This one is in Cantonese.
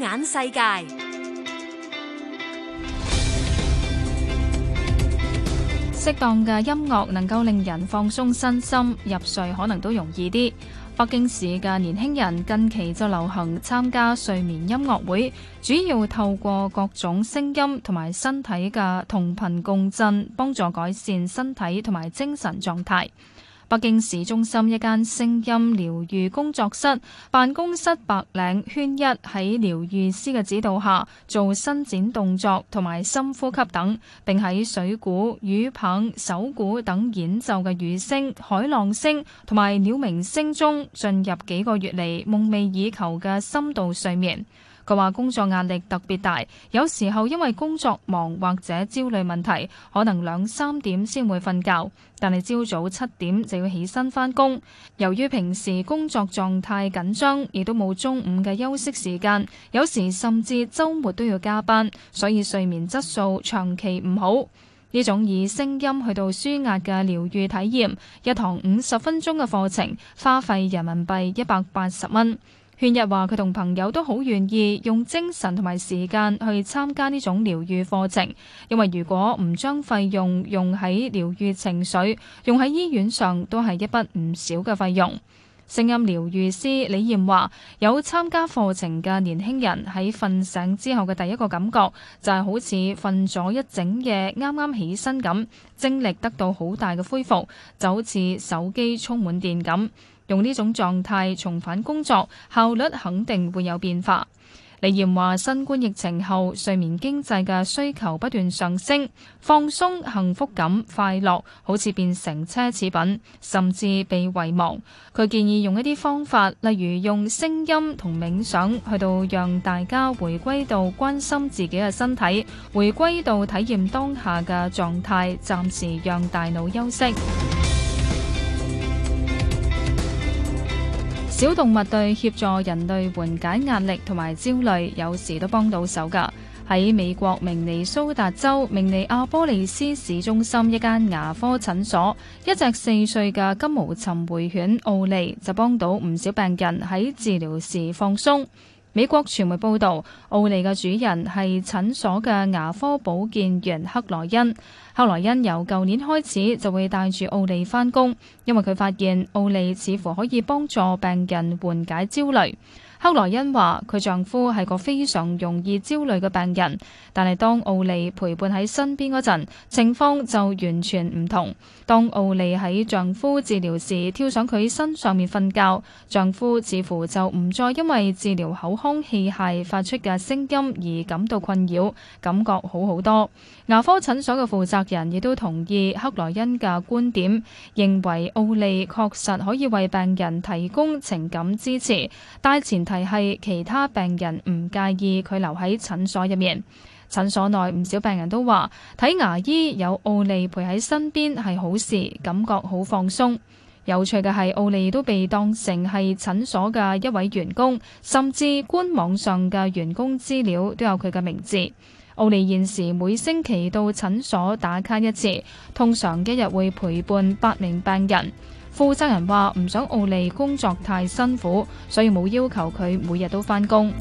眼世界適當嘅音樂能夠令人放鬆身心，入睡可能都容易啲。北京市嘅年輕人近期就流行參加睡眠音樂會，主要透過各種聲音同埋身體嘅同頻共振，幫助改善身體同埋精神狀態。北京市中心一間聲音療愈工作室，辦公室白領圈一喺療愈師嘅指導下做伸展動作同埋深呼吸等，並喺水鼓、雨棒、手鼓等演奏嘅雨聲、海浪聲同埋鳥鳴聲中進入幾個月嚟夢寐以求嘅深度睡眠。佢話工作壓力特別大，有時候因為工作忙或者焦慮問題，可能兩三點先會瞓覺。但係朝早七點就要起身返工。由於平時工作狀態緊張，亦都冇中午嘅休息時間，有時甚至周末都要加班，所以睡眠質素長期唔好。呢種以聲音去到舒壓嘅療癒體驗，一堂五十分鐘嘅課程，花費人民幣一百八十蚊。勸日話佢同朋友都好願意用精神同埋時間去參加呢種療愈課程，因為如果唔將費用用喺療愈情緒、用喺醫院上，都係一筆唔少嘅費用。聲音療愈師李燕話：有參加課程嘅年輕人喺瞓醒之後嘅第一個感覺就係好似瞓咗一整夜，啱啱起身咁，精力得到好大嘅恢復，就好似手機充滿電咁。用呢種狀態重返工作，效率肯定會有變化。李艷話：新冠疫情後，睡眠經濟嘅需求不斷上升，放鬆、幸福感、快樂好似變成奢侈品，甚至被遺忘。佢建議用一啲方法，例如用聲音同冥想，去到讓大家回歸到關心自己嘅身體，回歸到體驗當下嘅狀態，暫時讓大腦休息。小動物對協助人類緩解壓力同埋焦慮，有時都幫到手㗎。喺美國明尼蘇達州明尼阿波利斯市中心一間牙科診所，一隻四歲嘅金毛尋回犬奧利就幫到唔少病人喺治療時放鬆。美國傳媒報導，奧利嘅主人係診所嘅牙科保健員克萊恩。克萊恩由舊年開始就會帶住奧利返工，因為佢發現奧利似乎可以幫助病人緩解焦慮。克萊恩話：佢丈夫係個非常容易焦慮嘅病人，但係當奧利陪伴喺身邊嗰陣，情況就完全唔同。當奧利喺丈夫治療時跳上佢身上面瞓覺，丈夫似乎就唔再因為治療口腔器械發出嘅聲音而感到困擾，感覺好好多。牙科診所嘅負責人亦都同意克萊恩嘅觀點，認為奧利確實可以為病人提供情感支持，但前提係其他病人唔介意佢留喺診所入面，診所內唔少病人都話睇牙醫有奧利陪喺身邊係好事，感覺好放鬆。有趣嘅係，奧利都被當成係診所嘅一位員工，甚至官網上嘅員工資料都有佢嘅名字。奧利現時每星期到診所打卡一次，通常一日會陪伴八名病人。負責人話：唔想奧利工作太辛苦，所以冇要求佢每日都返工。